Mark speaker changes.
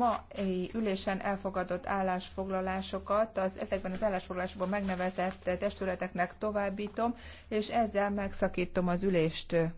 Speaker 1: mai ülésen elfogadott állásfoglalásokat az ezekben az állásfoglalásokban megnevezett testületeknek továbbítom, és ezzel megszakítom az ülést.